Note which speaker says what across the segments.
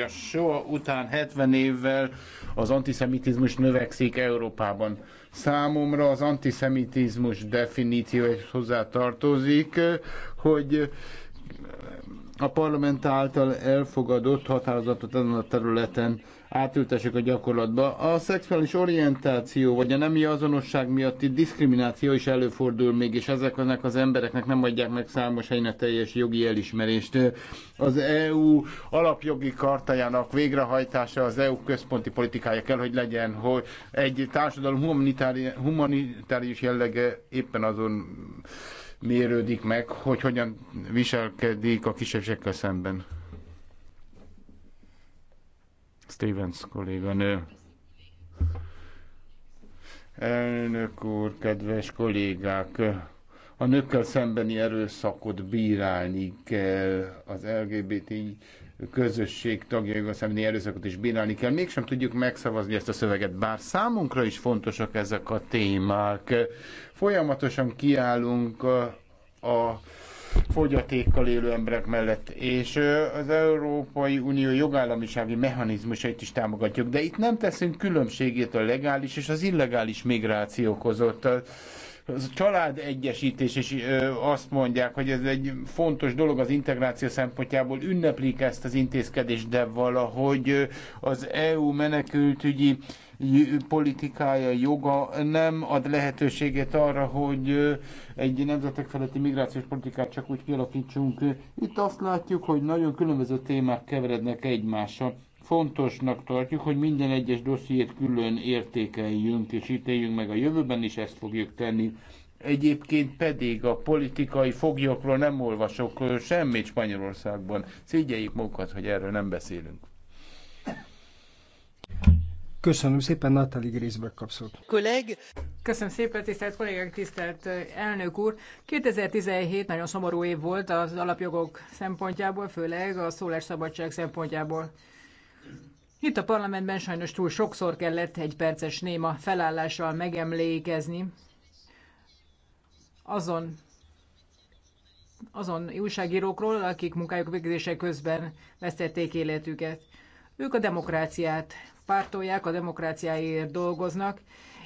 Speaker 1: A soha után 70 évvel az antiszemitizmus növekszik Európában. Számomra az antiszemitizmus hozzá tartozik, hogy a parlament által elfogadott határozatot ezen a területen átültessük a gyakorlatba. A szexuális orientáció vagy a nemi azonosság miatti diszkrimináció is előfordul még, és ezeknek az embereknek nem adják meg számos helyen a teljes jogi elismerést. Az EU alapjogi kartájának végrehajtása az EU központi politikája kell, hogy legyen, hogy egy társadalom humanitárius jellege éppen azon mérődik meg, hogy hogyan viselkedik a kisebbségekkel szemben. Stevens kolléganő. Elnök úr, kedves kollégák! A nőkkel szembeni erőszakot bírálni kell, az LGBT közösség tagjaival szembeni erőszakot is bírálni kell. Mégsem tudjuk megszavazni ezt a szöveget, bár számunkra is fontosak ezek a témák. Folyamatosan kiállunk a, a fogyatékkal élő emberek mellett, és az Európai Unió jogállamisági mechanizmusait is támogatjuk, de itt nem teszünk különbségét a legális és az illegális migráció között. A család egyesítés, és azt mondják, hogy ez egy fontos dolog az integráció szempontjából, ünneplik ezt az intézkedést, de valahogy az EU menekültügyi politikája, joga nem ad lehetőséget arra, hogy egy nemzetek feletti migrációs politikát csak úgy kialakítsunk. Itt azt látjuk, hogy nagyon különböző témák keverednek egymással fontosnak tartjuk, hogy minden egyes dossziét külön értékeljünk és ítéljünk meg a jövőben is, ezt fogjuk tenni. Egyébként pedig a politikai foglyokról nem olvasok semmit Spanyolországban. Szégyeljük magukat, hogy erről nem beszélünk.
Speaker 2: Köszönöm szépen, Natali Grészbek kapszott.
Speaker 1: Kolleg.
Speaker 3: Köszönöm szépen, tisztelt kollégák, tisztelt eh, elnök úr. 2017 nagyon szomorú év volt az alapjogok szempontjából, főleg a szólásszabadság szempontjából. Itt a parlamentben sajnos túl sokszor kellett egy perces néma felállással megemlékezni azon, azon újságírókról, akik munkájuk végzése közben vesztették életüket. Ők a demokráciát pártolják, a demokráciáért dolgoznak,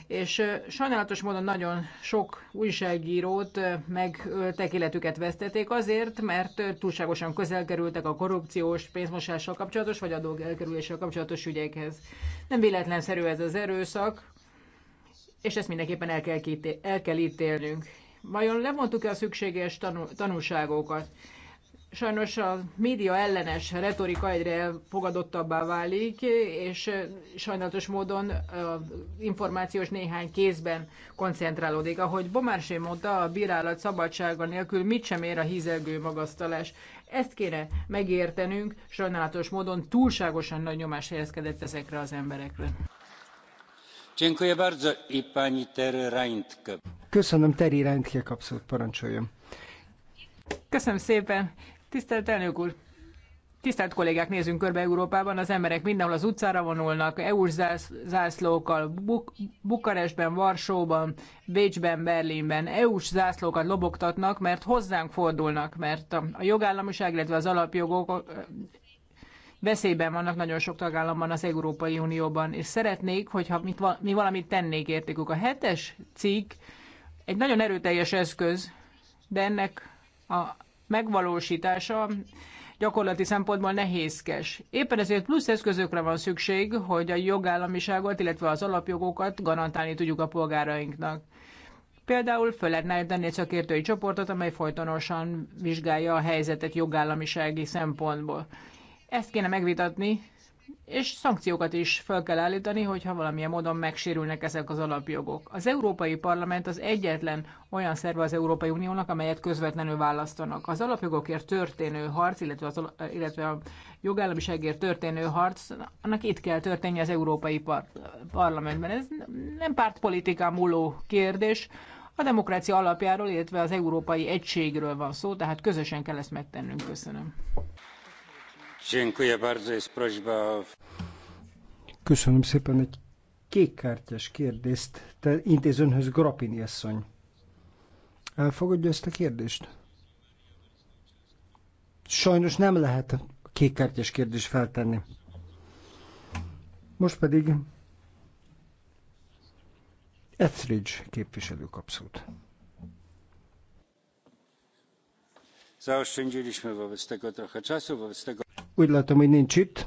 Speaker 3: és sajnálatos módon nagyon sok újságírót megöltek, életüket vesztették azért, mert túlságosan közel kerültek a korrupciós, pénzmosással kapcsolatos, vagy adók elkerüléssel kapcsolatos ügyekhez. Nem véletlenszerű ez az erőszak, és ezt mindenképpen el kell, el kell ítélnünk. Vajon levontuk-e a szükséges tanul, tanulságokat? sajnos a média ellenes retorika egyre fogadottabbá válik, és sajnálatos módon információs néhány kézben koncentrálódik. Ahogy Bomársé mondta, a bírálat szabadsága nélkül mit sem ér a hízelgő magasztalás. Ezt kéne megértenünk, sajnálatos módon túlságosan nagy nyomás helyezkedett ezekre az emberekre.
Speaker 2: Köszönöm, Teri Reintke kapszót parancsoljon.
Speaker 3: Köszönöm szépen. Tisztelt elnök úr! Tisztelt kollégák, nézzünk körbe Európában, az emberek mindenhol az utcára vonulnak, eu zászlókkal, Buk- Bukarestben, Varsóban, Bécsben, Berlinben EU-s zászlókat lobogtatnak, mert hozzánk fordulnak, mert a jogállamiság, illetve az alapjogok veszélyben vannak nagyon sok tagállamban az Európai Unióban, és szeretnék, hogyha mit, mi valamit tennék értékük. A hetes cikk egy nagyon erőteljes eszköz, de ennek a megvalósítása gyakorlati szempontból nehézkes. Éppen ezért plusz eszközökre van szükség, hogy a jogállamiságot, illetve az alapjogokat garantálni tudjuk a polgárainknak. Például föl lehetne tenni egy szakértői csoportot, amely folytonosan vizsgálja a helyzetet jogállamisági szempontból. Ezt kéne megvitatni és szankciókat is fel kell állítani, hogyha valamilyen módon megsérülnek ezek az alapjogok. Az Európai Parlament az egyetlen olyan szerve az Európai Uniónak, amelyet közvetlenül választanak. Az alapjogokért történő harc, illetve, az, illetve a jogállamiságért történő harc, annak itt kell történni az Európai par- Parlamentben. Ez nem pártpolitikán múló kérdés, a demokrácia alapjáról, illetve az európai egységről van szó, tehát közösen kell ezt megtennünk. Köszönöm.
Speaker 2: Köszönöm szépen, egy kékkártyás kérdést te intéz önhöz Grapini asszony. Elfogadja ezt a kérdést? Sajnos nem lehet kékkártyás kérdést feltenni. Most pedig Etheridge képviselő kapszót. Zaoszczędziliśmy wobec tego trochę czasu, wobec tego... Úgy látom, hogy nincs itt.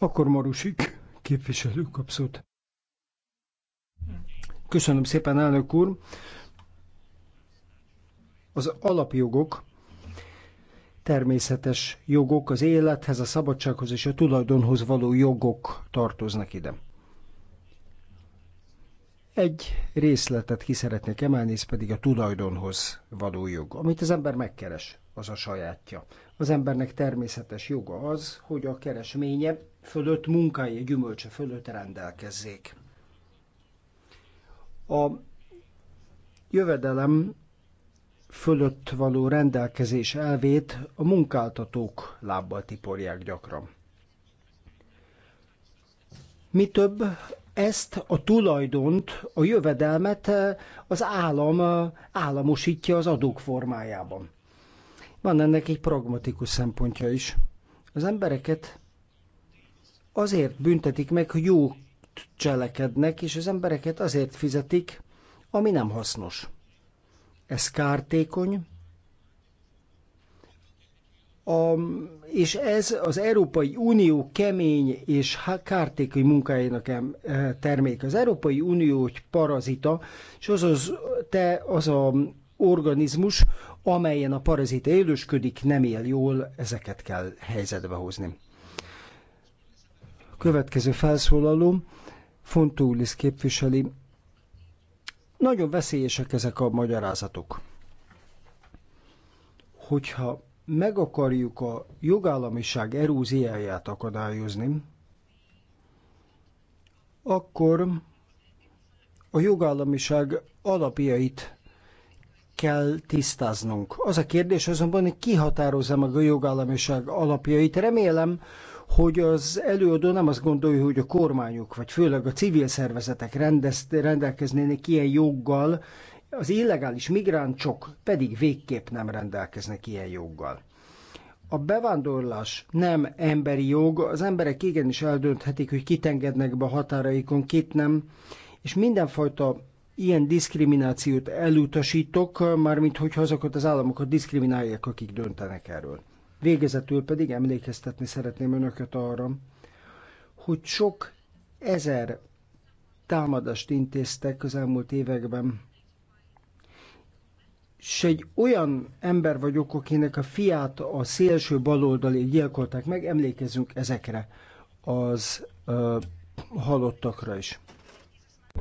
Speaker 2: Akkor Marusik képviselő kap Köszönöm szépen, elnök úr. Az alapjogok természetes jogok, az élethez, a szabadsághoz és a tulajdonhoz való jogok tartoznak ide. Egy részletet ki szeretnék emelni, ez pedig a tulajdonhoz való jog. Amit az ember megkeres, az a sajátja. Az embernek természetes joga az, hogy a keresménye fölött munkája gyümölcse fölött rendelkezzék. A jövedelem fölött való rendelkezés elvét a munkáltatók lábbal tiporják gyakran. Mi több, ezt a tulajdont, a jövedelmet eh, az állam eh, államosítja az adók formájában. Van ennek egy pragmatikus szempontja is. Az embereket azért büntetik meg, hogy jó cselekednek, és az embereket azért fizetik, ami nem hasznos. Ez kártékony, a, és ez az Európai Unió kemény és kártékai munkájának eh, termék. Az Európai Unió egy parazita, és az az, te, az a organizmus, amelyen a parazita élősködik, nem él jól, ezeket kell helyzetbe hozni. Következő felszólaló, Fontúlis képviseli. Nagyon veszélyesek ezek a magyarázatok. Hogyha meg akarjuk a jogállamiság eróziáját akadályozni, akkor a jogállamiság alapjait kell tisztáznunk. Az a kérdés azonban, hogy ki határozza meg a jogállamiság alapjait. Remélem, hogy az előadó nem azt gondolja, hogy a kormányok, vagy főleg a civil szervezetek rendelkeznének ilyen joggal, az illegális migránsok pedig végképp nem rendelkeznek ilyen joggal. A bevándorlás nem emberi jog, az emberek igenis eldönthetik, hogy kit engednek be a határaikon, kit nem, és mindenfajta ilyen diszkriminációt elutasítok, mármint hogy azokat az államokat diszkriminálják, akik döntenek erről. Végezetül pedig emlékeztetni szeretném önöket arra, hogy sok ezer támadást intéztek az elmúlt években és egy olyan ember vagyok, akinek a fiát a szélső baloldali gyilkolták meg, emlékezünk ezekre az ö, halottakra is.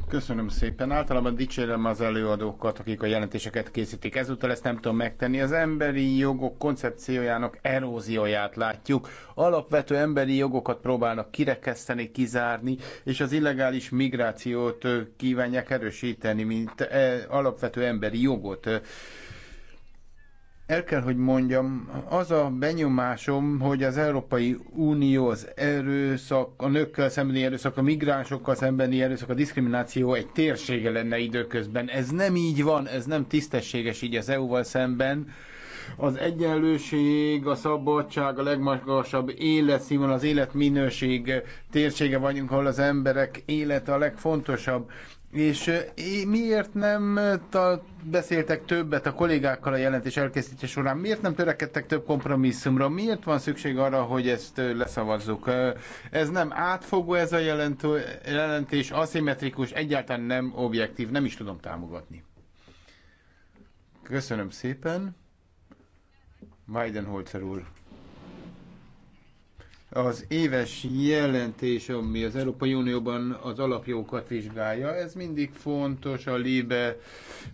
Speaker 1: Köszönöm szépen. Általában dicsérem az előadókat, akik a jelentéseket készítik. Ezúttal ezt nem tudom megtenni. Az emberi jogok koncepciójának erózióját látjuk. Alapvető emberi jogokat próbálnak kirekeszteni, kizárni, és az illegális migrációt kívánják erősíteni, mint eh, alapvető emberi jogot el kell, hogy mondjam, az a benyomásom, hogy az Európai Unió az erőszak, a nőkkel szembeni erőszak, a migránsokkal szembeni erőszak, a diszkrimináció egy térsége lenne időközben. Ez nem így van, ez nem tisztességes így az EU-val szemben az egyenlőség, a szabadság, a legmagasabb életszínvon, az életminőség térsége vagyunk, ahol az emberek élete a legfontosabb. És miért nem beszéltek többet a kollégákkal a jelentés elkészítése során? Miért nem törekedtek több kompromisszumra? Miért van szükség arra, hogy ezt leszavazzuk? Ez nem átfogó ez a jelentő, jelentés, aszimmetrikus, egyáltalán nem objektív, nem is tudom támogatni. Köszönöm szépen. Weidenholzer úr az éves jelentés, ami az Európai Unióban az alapjókat vizsgálja, ez mindig fontos a Libe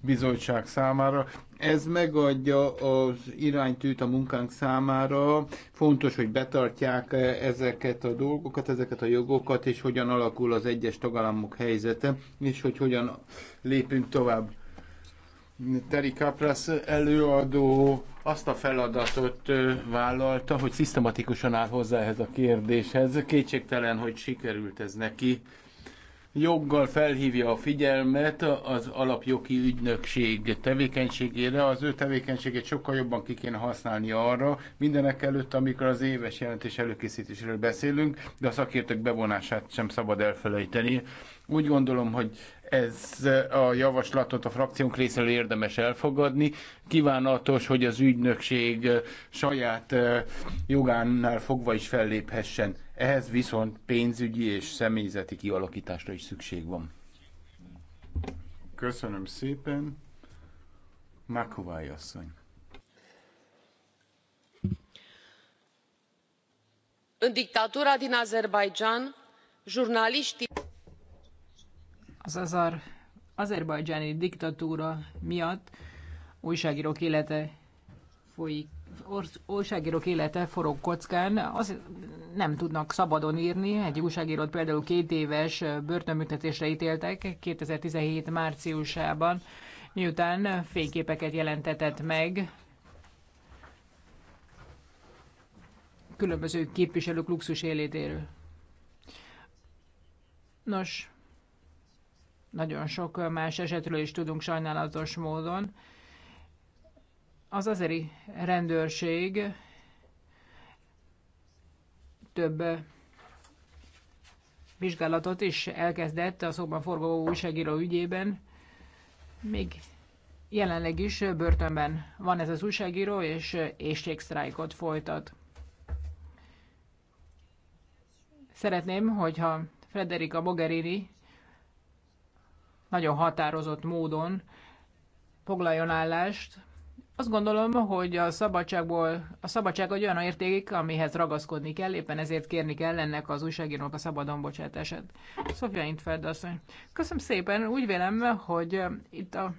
Speaker 1: bizottság számára. Ez megadja az iránytűt a munkánk számára. Fontos, hogy betartják ezeket a dolgokat, ezeket a jogokat, és hogyan alakul az egyes tagállamok helyzete, és hogy hogyan lépünk tovább. Teri Kapras előadó azt a feladatot vállalta, hogy szisztematikusan áll hozzá ehhez a kérdéshez. Kétségtelen, hogy sikerült ez neki. Joggal felhívja a figyelmet az alapjogi ügynökség tevékenységére. Az ő tevékenységét sokkal jobban ki kéne használni arra, mindenek előtt, amikor az éves jelentés előkészítésről beszélünk, de a szakértők bevonását sem szabad elfelejteni. Úgy gondolom, hogy ez a javaslatot a frakciónk részéről érdemes elfogadni. Kívánatos, hogy az ügynökség saját jogánál fogva is felléphessen. Ehhez viszont pénzügyi és személyzeti kialakításra is szükség van. Köszönöm szépen. Makovály asszony.
Speaker 3: În dictatura din Azerbaijan, jurnaliștii az azar, azerbajdzsáni diktatúra miatt újságírók élete folyik, újságírók élete forog kockán, az nem tudnak szabadon írni. Egy újságírót például két éves börtönbüntetésre ítéltek 2017 márciusában, miután fényképeket jelentetett meg különböző képviselők luxus élétéről. Nos, nagyon sok más esetről is tudunk sajnálatos módon. Az azeri rendőrség több vizsgálatot is elkezdett a szóban forgó újságíró ügyében. Még jelenleg is börtönben van ez az újságíró, és éjségsztrájkot folytat. Szeretném, hogyha Frederica Mogherini nagyon határozott módon foglaljon állást. Azt gondolom, hogy a szabadságból, a szabadság egy olyan érték, amihez ragaszkodni kell, éppen ezért kérni kell ennek az újságírónak a szabadon bocsátását. Szofia Intfeld asszony. Köszönöm szépen, úgy vélem, hogy itt a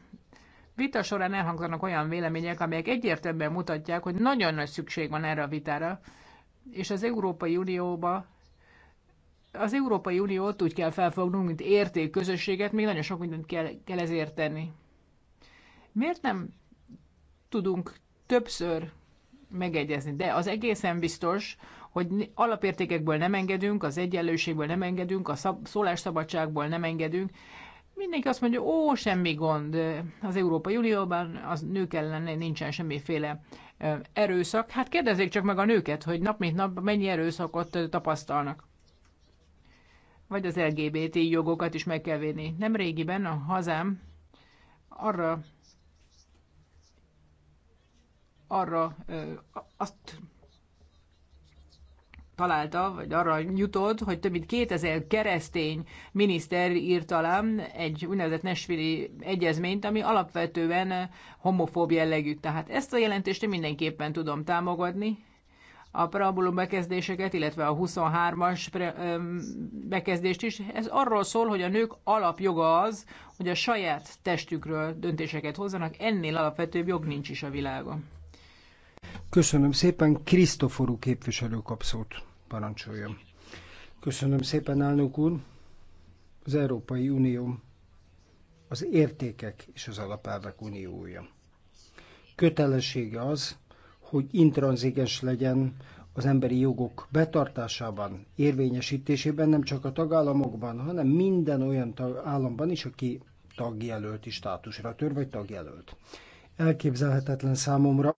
Speaker 3: vita során elhangzanak olyan vélemények, amelyek egyértelműen mutatják, hogy nagyon nagy szükség van erre a vitára, és az Európai Unióba az Európai Uniót úgy kell felfognunk, mint értékközösséget, még nagyon sok mindent kell, kell ezért tenni. Miért nem tudunk többször megegyezni? De az egészen biztos, hogy alapértékekből nem engedünk, az egyenlőségből nem engedünk, a szab- szólásszabadságból nem engedünk. Mindenki azt mondja, ó, semmi gond, az Európai Unióban az nők ellen nincsen semmiféle erőszak. Hát kérdezzék csak meg a nőket, hogy nap mint nap mennyi erőszakot tapasztalnak vagy az LGBT jogokat is meg kell védni. Nem régiben a hazám arra arra ö, azt találta, vagy arra jutott, hogy több mint 2000 keresztény miniszter írt alá egy úgynevezett Nesvili egyezményt, ami alapvetően homofób jellegű. Tehát ezt a jelentést én mindenképpen tudom támogatni, a preambulum bekezdéseket, illetve a 23-as bekezdést is. Ez arról szól, hogy a nők alapjoga az, hogy a saját testükről döntéseket hozzanak, ennél alapvetőbb jog nincs is a világon.
Speaker 2: Köszönöm szépen, Krisztoforú képviselő kapszót parancsoljam. Köszönöm szépen, elnök úr. Az Európai Unió az értékek és az alapelvek uniója. Kötelessége az, hogy intranzigens legyen az emberi jogok betartásában, érvényesítésében nem csak a tagállamokban, hanem minden olyan tag- államban is, aki tagjelölti státusra tör, vagy tagjelölt. Elképzelhetetlen számomra,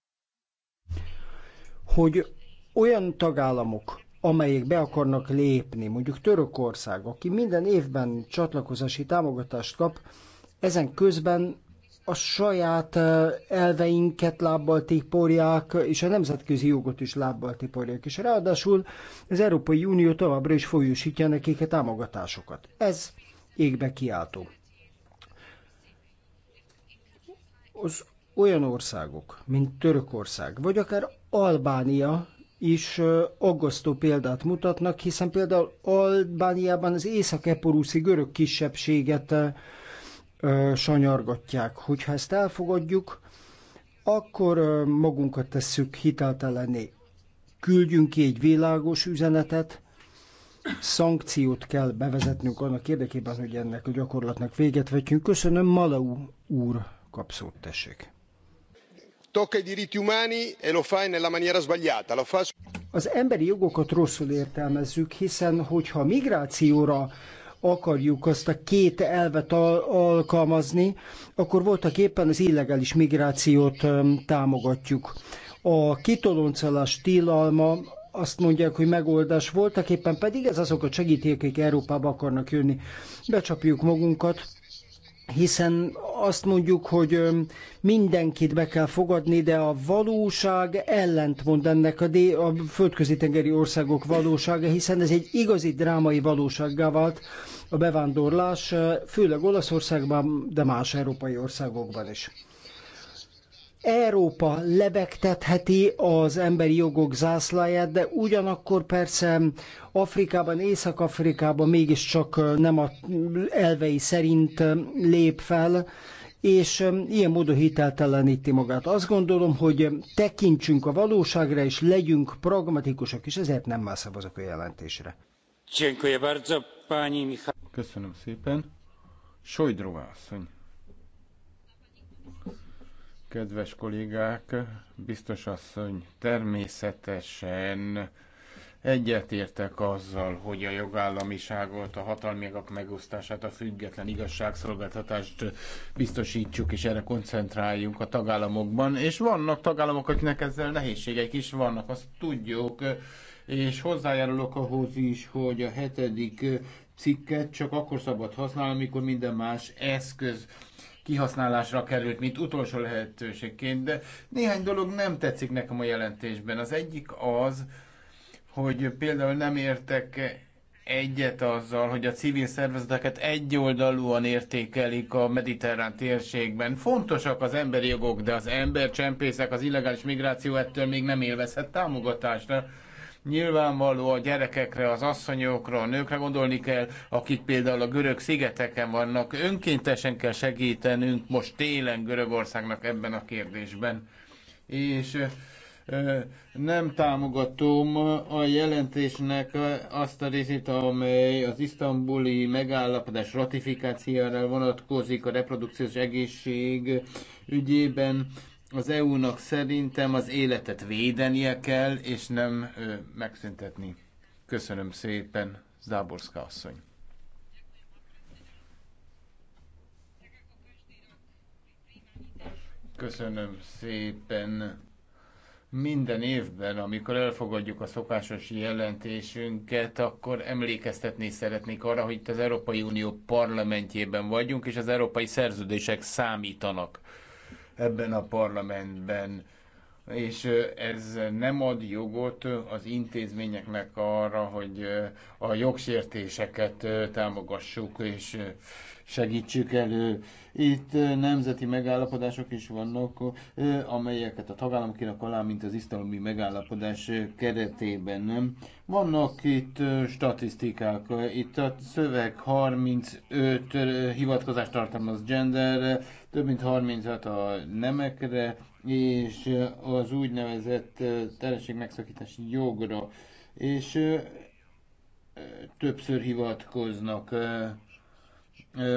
Speaker 2: hogy olyan tagállamok, amelyek be akarnak lépni, mondjuk Törökország, aki minden évben csatlakozási támogatást kap, ezen közben a saját elveinket lábbal tiporják, és a nemzetközi jogot is lábbal tiporják. És ráadásul az Európai Unió továbbra is folyósítja nekik a támogatásokat. Ez égbe kiáltó. Az olyan országok, mint Törökország, vagy akár Albánia is aggasztó példát mutatnak, hiszen például Albániában az észak görög kisebbséget sanyargatják. Hogyha ezt elfogadjuk, akkor magunkat tesszük hiteltelené. Küldjünk ki egy világos üzenetet, szankciót kell bevezetnünk annak érdekében, hogy ennek a gyakorlatnak véget vetjünk. Köszönöm, Malau úr kapszót tessék. E Az emberi jogokat rosszul értelmezzük, hiszen hogyha migrációra akarjuk azt a két elvet al- alkalmazni, akkor voltak éppen az illegális migrációt támogatjuk. A kitoloncolás tilalma azt mondják, hogy megoldás voltak éppen, pedig ez azokat segíti, akik Európába akarnak jönni. Becsapjuk magunkat, hiszen azt mondjuk, hogy mindenkit be kell fogadni, de a valóság ellentmond ennek a, dé- a földközi tengeri országok valósága, hiszen ez egy igazi drámai valósággá vált a bevándorlás, főleg Olaszországban, de más európai országokban is. Európa lebegtetheti az emberi jogok zászláját, de ugyanakkor persze Afrikában, Észak-Afrikában mégiscsak nem a elvei szerint lép fel, és ilyen módon hitelteleníti magát. Azt gondolom, hogy tekintsünk a valóságra, és legyünk pragmatikusak, és ezért nem más szavazok a jelentésre.
Speaker 1: Köszönöm szépen. Sojdrová asszony. Kedves kollégák, biztos asszony, természetesen egyetértek azzal, hogy a jogállamiságot, a hatalmiak megosztását, a független igazságszolgáltatást biztosítsuk, és erre koncentráljunk a tagállamokban. És vannak tagállamok, akiknek ezzel nehézségek is vannak, azt tudjuk, és hozzájárulok ahhoz is, hogy a hetedik cikket csak akkor szabad használni, amikor minden más eszköz kihasználásra került, mint utolsó lehetőségként, de néhány dolog nem tetszik nekem a jelentésben. Az egyik az, hogy például nem értek egyet azzal, hogy a civil szervezeteket egyoldalúan értékelik a mediterrán térségben. Fontosak az emberi jogok, de az embercsempészek, az illegális migráció ettől még nem élvezhet támogatást. Nyilvánvaló a gyerekekre, az asszonyokra, a nőkre gondolni kell, akik például a görög szigeteken vannak. Önkéntesen kell segítenünk most télen Görögországnak ebben a kérdésben. És nem támogatom a jelentésnek azt a részét, amely az isztambuli megállapodás ratifikációjára vonatkozik a reprodukciós egészség ügyében. Az EU-nak szerintem az életet védenie kell, és nem ö, megszüntetni. Köszönöm szépen, Záborszka asszony. Köszönöm szépen. Minden évben, amikor elfogadjuk a szokásos jelentésünket, akkor emlékeztetni szeretnék arra, hogy itt az Európai Unió parlamentjében vagyunk, és az európai szerződések számítanak ebben a parlamentben és ez nem ad jogot az intézményeknek arra, hogy a jogsértéseket támogassuk és segítsük elő. Itt nemzeti megállapodások is vannak, amelyeket a tagállamok írnak alá, mint az isztalomi megállapodás keretében. nem. Vannak itt statisztikák, itt a szöveg 35 hivatkozást tartalmaz genderre, több mint 36 a nemekre, és az úgynevezett terhesség megszakítási jogra, és többször hivatkoznak.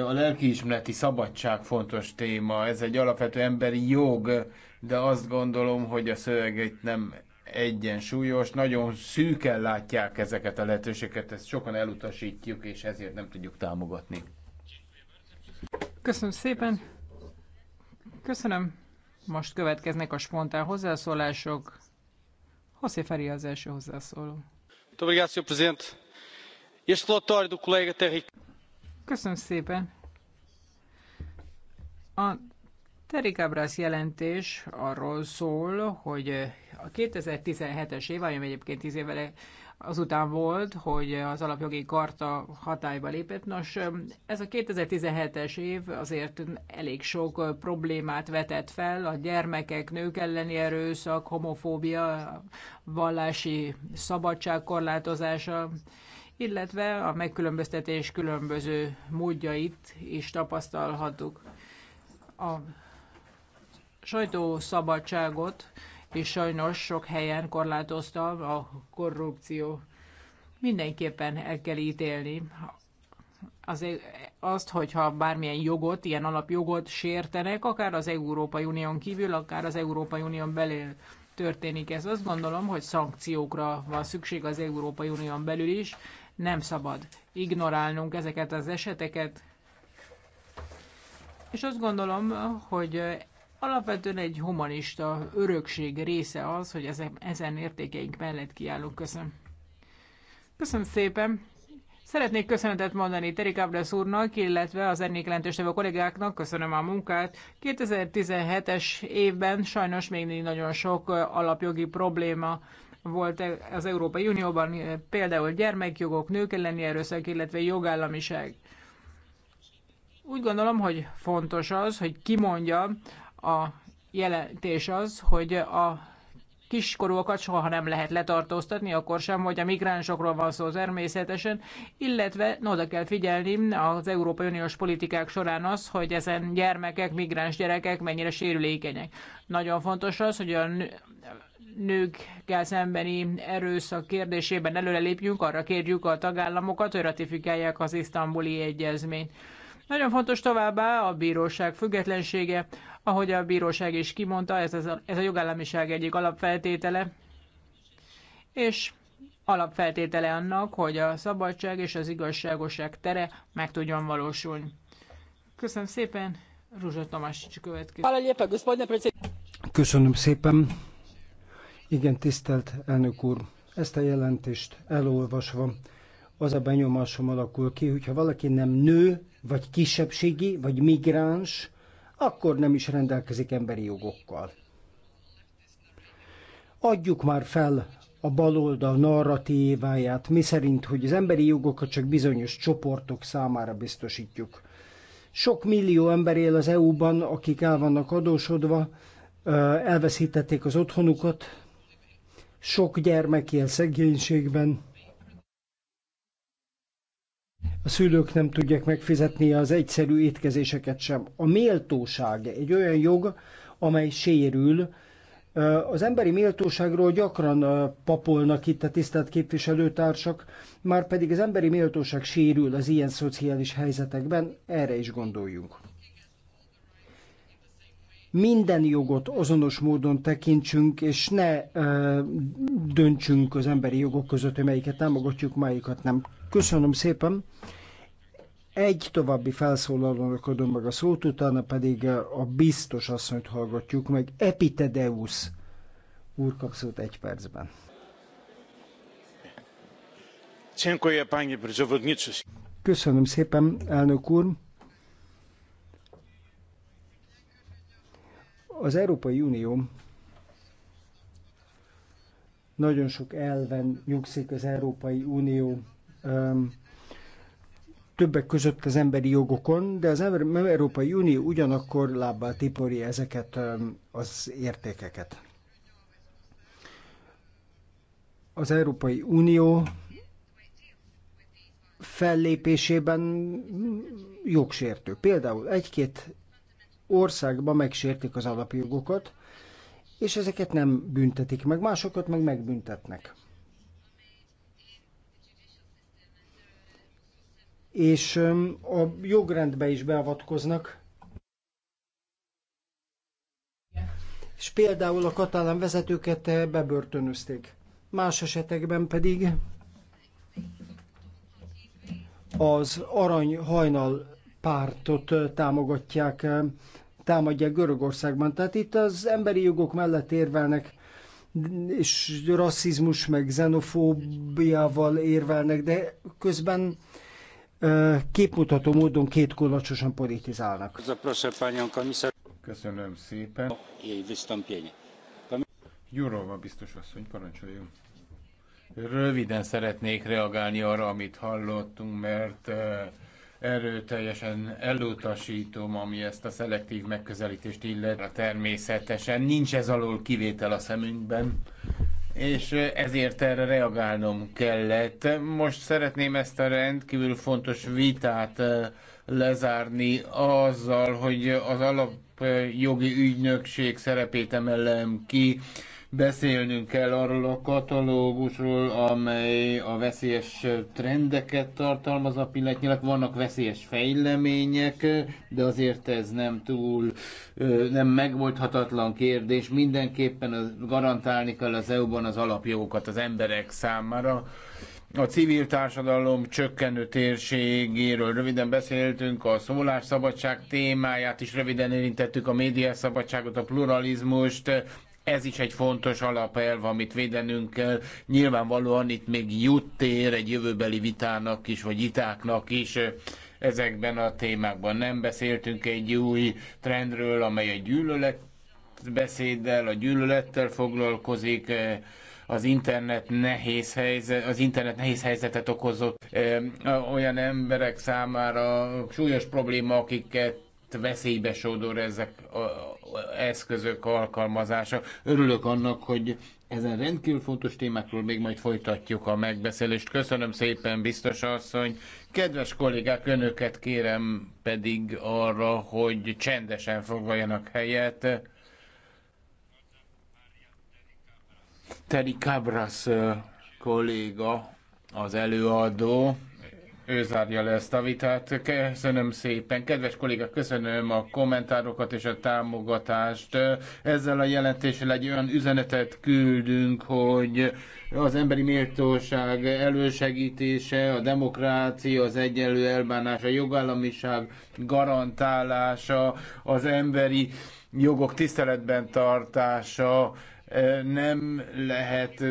Speaker 1: A lelkiismereti szabadság fontos téma, ez egy alapvető emberi jog, de azt gondolom, hogy a szöveget nem egyensúlyos, nagyon szűken látják ezeket a lehetőségeket, ezt sokan elutasítjuk, és ezért nem tudjuk támogatni.
Speaker 3: Köszönöm szépen! Köszönöm! Most következnek a spontán hozzászólások. José Feri az első hozzászóló. Köszönöm szépen. A Terry Cabras jelentés arról szól, hogy a 2017-es év, ami egyébként 10 évvel azután volt, hogy az alapjogi karta hatályba lépett. Nos, ez a 2017-es év azért elég sok problémát vetett fel, a gyermekek, nők elleni erőszak, homofóbia, vallási szabadság korlátozása, illetve a megkülönböztetés különböző módjait is tapasztalhattuk. A sajtószabadságot és sajnos sok helyen korlátozta a korrupció. Mindenképpen el kell ítélni azért azt, hogyha bármilyen jogot, ilyen alapjogot sértenek, akár az Európai Unión kívül, akár az Európai Unión belül történik ez. Azt gondolom, hogy szankciókra van szükség az Európai Unión belül is. Nem szabad ignorálnunk ezeket az eseteket. És azt gondolom, hogy Alapvetően egy humanista örökség része az, hogy ezen, ezen értékeink mellett kiállunk. Köszönöm. Köszönöm szépen. Szeretnék köszönetet mondani Terik Ábresz úrnak, illetve az ennék jelentős kollégáknak, köszönöm a munkát. 2017-es évben sajnos még nagyon sok alapjogi probléma volt az Európai Unióban, például gyermekjogok, nők elleni erőszak, illetve jogállamiság. Úgy gondolom, hogy fontos az, hogy kimondja a jelentés az, hogy a kiskorúakat soha nem lehet letartóztatni, akkor sem, hogy a migránsokról van szó természetesen, illetve no, oda kell figyelni az Európai Uniós politikák során az, hogy ezen gyermekek, migráns gyerekek mennyire sérülékenyek. Nagyon fontos az, hogy a nőkkel szembeni erőszak kérdésében előrelépjünk, arra kérjük a tagállamokat, hogy ratifikálják az isztambuli egyezményt. Nagyon fontos továbbá a bíróság függetlensége, ahogy a bíróság is kimondta, ez, ez, a, ez a jogállamiság egyik alapfeltétele, és alapfeltétele annak, hogy a szabadság és az igazságosság tere meg tudjon valósulni. Köszönöm szépen, Ruzsa Tomásics következő.
Speaker 2: Köszönöm szépen. Igen, tisztelt elnök úr, ezt a jelentést elolvasva az a benyomásom alakul ki, hogyha valaki nem nő, vagy kisebbségi, vagy migráns, akkor nem is rendelkezik emberi jogokkal. Adjuk már fel a baloldal narratíváját, miszerint, hogy az emberi jogokat csak bizonyos csoportok számára biztosítjuk. Sok millió ember él az EU-ban, akik el vannak adósodva, elveszítették az otthonukat, sok gyermek él szegénységben, a szülők nem tudják megfizetni az egyszerű étkezéseket sem. A méltóság egy olyan jog, amely sérül, az emberi méltóságról gyakran papolnak itt a tisztelt képviselőtársak, már pedig az emberi méltóság sérül az ilyen szociális helyzetekben, erre is gondoljunk. Minden jogot azonos módon tekintsünk, és ne ö, döntsünk az emberi jogok között, hogy melyiket támogatjuk, melyiket nem. Köszönöm szépen. Egy további felszólalónak adom meg a szót, utána pedig a biztos asszonyt hallgatjuk meg. Epitedeus úr kap szót egy percben. Köszönöm szépen, elnök úr. Az Európai Unió nagyon sok elven nyugszik az Európai Unió um, többek között az emberi jogokon, de az Európai Unió ugyanakkor lábbal tipori ezeket az értékeket. Az Európai Unió fellépésében jogsértő. Például egy-két országban megsértik az alapjogokat, és ezeket nem büntetik meg, másokat meg megbüntetnek. és a jogrendbe is beavatkoznak. És például a katalán vezetőket eh, bebörtönözték. Más esetekben pedig az arany hajnal pártot eh, támogatják, eh, támadják Görögországban. Tehát itt az emberi jogok mellett érvelnek, és rasszizmus meg xenofóbiával érvelnek, de közben képmutató módon két kulacsosan politizálnak.
Speaker 1: Köszönöm szépen. Jurova biztos asszony, parancsoljon. Röviden szeretnék reagálni arra, amit hallottunk, mert erőteljesen elutasítom, ami ezt a szelektív megközelítést illet. Természetesen nincs ez alól kivétel a szemünkben és ezért erre reagálnom kellett. Most szeretném ezt a rendkívül fontos vitát lezárni azzal, hogy az alapjogi ügynökség szerepét emellem ki, Beszélnünk kell arról a katalógusról, amely a veszélyes trendeket tartalmaz a pillanatnyilag. Vannak veszélyes fejlemények, de azért ez nem túl nem megoldhatatlan kérdés. Mindenképpen garantálni kell az EU-ban az alapjogokat az emberek számára a civil társadalom csökkenő térségéről röviden beszéltünk, a szólásszabadság témáját is röviden érintettük, a médiaszabadságot, a pluralizmust, ez is egy fontos alapelv, amit védenünk kell. Nyilvánvalóan itt még jut tér egy jövőbeli vitának is, vagy vitáknak is ezekben a témákban. Nem beszéltünk egy új trendről, amely a gyűlöletbeszéddel, a gyűlölettel foglalkozik, az internet nehéz helyzet, az internet nehéz helyzetet okozott olyan emberek számára súlyos probléma, akiket veszélybe sodor ezek a eszközök alkalmazása. Örülök annak, hogy ezen rendkívül fontos témákról még majd folytatjuk a megbeszélést. Köszönöm szépen, biztos asszony. Kedves kollégák, önöket kérem pedig arra, hogy csendesen foglaljanak helyet. Teri Cabras kolléga az előadó ő zárja le ezt a vitát. Köszönöm szépen. Kedves kollégák, köszönöm a kommentárokat és a támogatást. Ezzel a jelentéssel egy olyan üzenetet küldünk, hogy az emberi méltóság elősegítése, a demokrácia, az egyenlő elbánás, a jogállamiság garantálása, az emberi jogok tiszteletben tartása nem lehet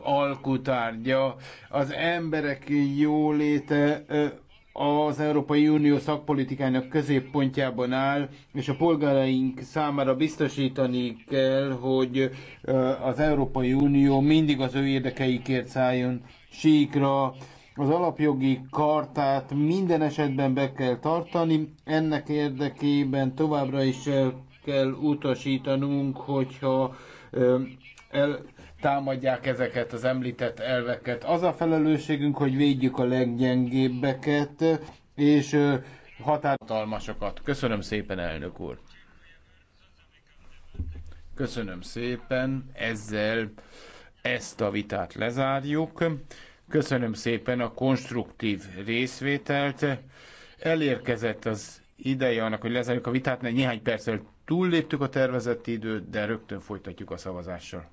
Speaker 1: alkutárgya. Az emberek jóléte az Európai Unió szakpolitikának középpontjában áll, és a polgáraink számára biztosítani kell, hogy az Európai Unió mindig az ő érdekeikért szálljon síkra, az alapjogi kartát minden esetben be kell tartani, ennek érdekében továbbra is kell utasítanunk, hogyha el támadják ezeket az említett elveket. Az a felelősségünk, hogy védjük a leggyengébbeket, és határtalmasokat. Köszönöm szépen, elnök úr! Köszönöm szépen, ezzel ezt a vitát lezárjuk. Köszönöm szépen a konstruktív részvételt. Elérkezett az ideje annak, hogy lezárjuk a vitát, mert néhány perccel túlléptük a tervezett időt, de rögtön folytatjuk a szavazással.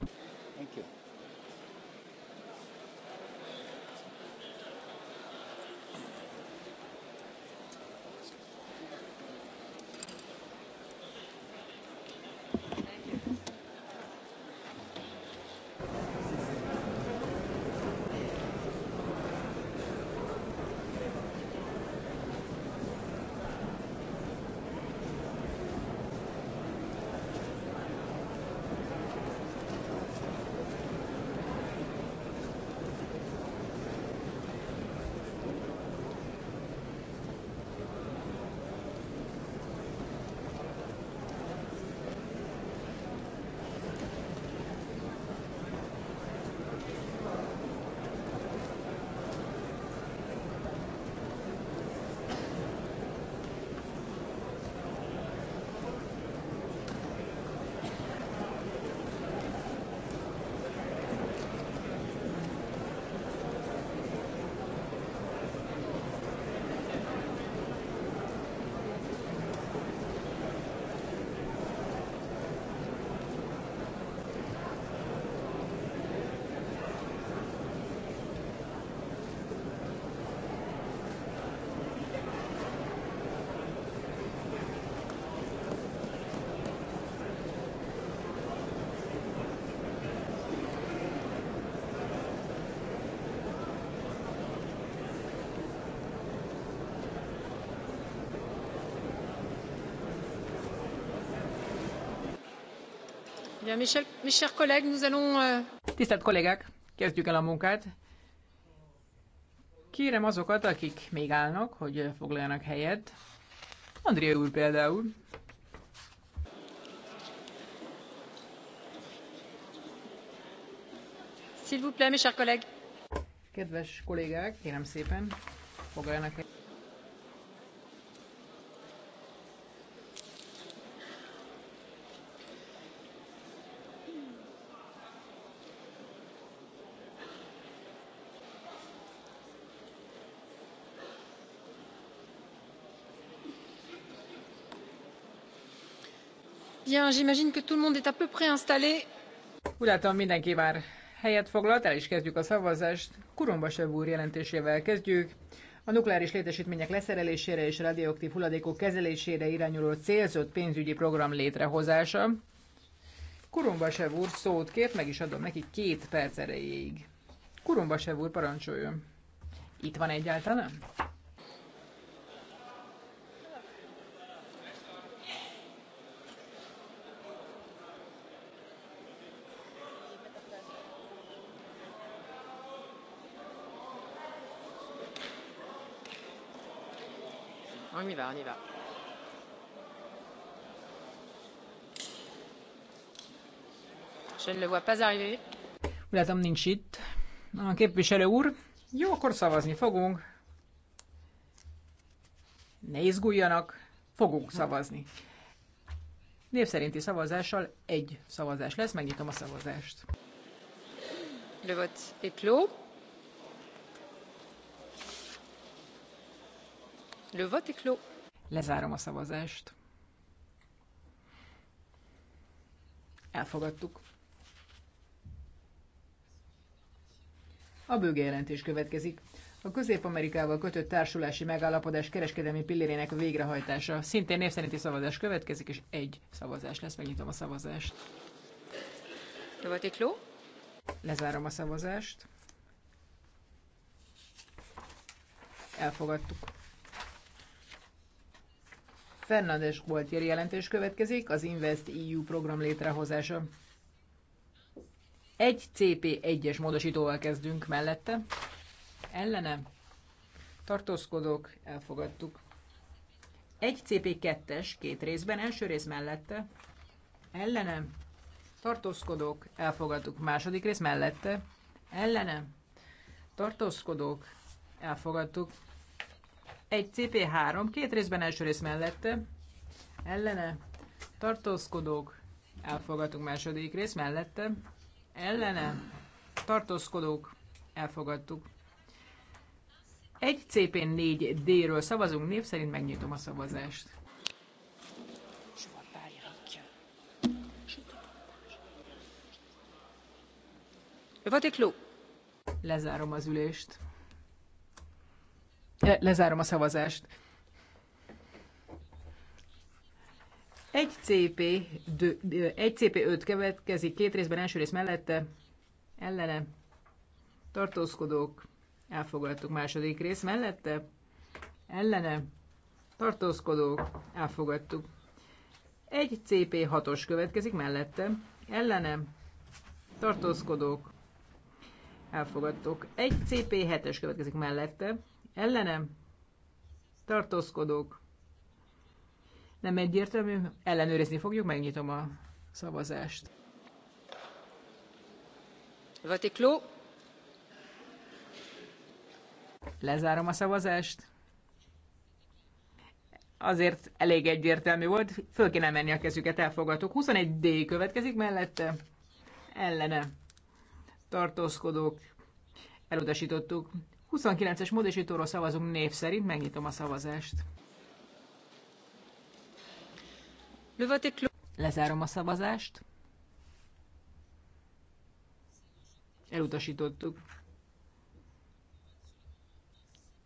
Speaker 4: Euh,
Speaker 3: Tisztelt kollégák, kezdjük el a munkát. Kérem azokat, akik még állnak, hogy foglaljanak helyet. Andrea úr például. S'il vous plaît, mes chers collègues. Kedves kollégák, kérem szépen, foglaljanak helyet.
Speaker 4: Bien, j'imagine que tout le monde est à peu près installé.
Speaker 3: Úgy látom, mindenki már helyet foglalt, el is kezdjük a szavazást. Kurombasev úr jelentésével kezdjük. A nukleáris létesítmények leszerelésére és radioaktív hulladékok kezelésére irányuló célzott pénzügyi program létrehozása. Kurombasev úr szót kért, meg is adom neki két perc erejéig. Kurombasev úr parancsoljon. Itt van egyáltalán?
Speaker 4: on y va, on y va. Je ne le vois pas arriver.
Speaker 3: látom, nincs itt. A képviselő úr. Jó, akkor szavazni fogunk. Ne izguljanak, fogunk szavazni. Név szerinti szavazással egy szavazás lesz, megnyitom a szavazást.
Speaker 4: Le vote est clos.
Speaker 3: Le vote est clos. Lezárom a szavazást. Elfogadtuk. A bőge jelentés következik. A Közép-Amerikával kötött társulási megállapodás kereskedelmi pillérének végrehajtása. Szintén név szerinti szavazás következik, és egy szavazás lesz. Megnyitom a szavazást. Lovatikló. Lezárom a szavazást. Elfogadtuk. Fernandes Gualtieri jelentés következik, az Invest EU program létrehozása. Egy CP1-es módosítóval kezdünk mellette. Ellene tartózkodók, elfogadtuk. Egy CP2-es két részben, első rész mellette. Ellene tartózkodók, elfogadtuk. Második rész mellette. Ellene tartózkodók, elfogadtuk. Egy CP3, két részben első rész mellette, ellene, tartózkodók, elfogadtuk második rész mellette, ellene, tartózkodók, elfogadtuk. Egy CP4D-ről szavazunk, név szerint megnyitom a szavazást. Lezárom az ülést. E, lezárom a szavazást. Egy CP, egy CP 5 következik két részben, első rész mellette, ellene, tartózkodók, elfogadtuk második rész mellette, ellene, tartózkodók, elfogadtuk. Egy CP 6-os következik mellette, ellene, tartózkodók, elfogadtuk. Egy CP 7-es következik mellette, Ellenem tartózkodók. Nem egyértelmű, ellenőrizni fogjuk, megnyitom a szavazást. Vatikló. Lezárom a szavazást. Azért elég egyértelmű volt, föl kéne menni a kezüket, elfogadtuk. 21D következik mellette, ellene tartózkodók, elutasítottuk. 29-es módosítóról szavazunk név szerint, megnyitom a szavazást. Lezárom a szavazást. Elutasítottuk.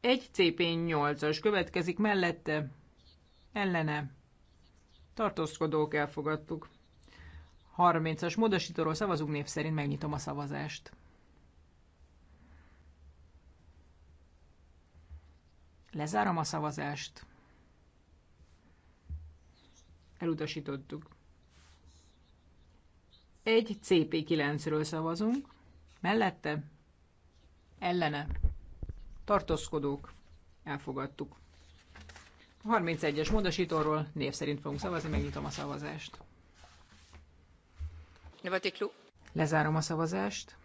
Speaker 3: Egy CP8-as következik mellette, ellene, tartózkodók elfogadtuk. 30-as módosítóról szavazunk név szerint, megnyitom a szavazást. Lezárom a szavazást. Elutasítottuk. Egy CP9-ről szavazunk. Mellette? Ellene. Tartózkodók. Elfogadtuk. A 31-es módosítóról név szerint fogunk szavazni, megnyitom a szavazást. Lezárom a szavazást.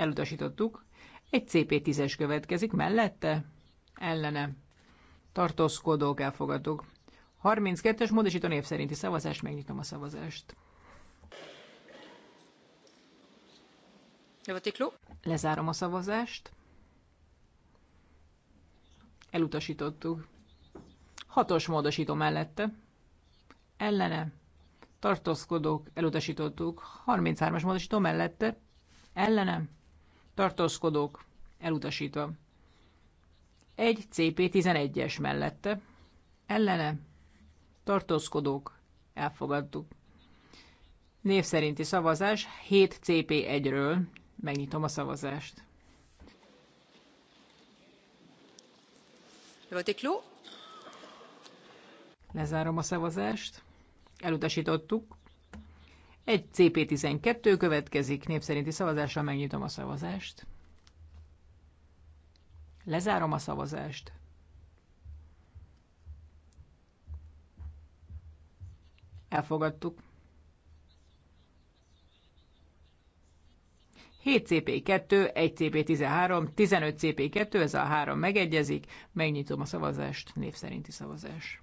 Speaker 3: elutasítottuk. Egy CP10-es következik, mellette, ellene, tartózkodók, elfogadók. 32-es módosító név szerinti szavazást, megnyitom a szavazást. Lezárom a szavazást. Elutasítottuk. Hatos módosító mellette. Ellene. Tartózkodók. Elutasítottuk. 33-as módosító mellette. Ellene tartózkodók elutasítva. Egy CP11-es mellette, ellene, tartózkodók elfogadtuk. Név szerinti szavazás 7 CP1-ről. Megnyitom a szavazást. Lezárom a szavazást. Elutasítottuk. Egy CP12 következik, népszerinti szavazással megnyitom a szavazást. Lezárom a szavazást. Elfogadtuk. 7 CP2, 1 CP13, 15 CP2, ez a három megegyezik. Megnyitom a szavazást, név szerinti szavazás.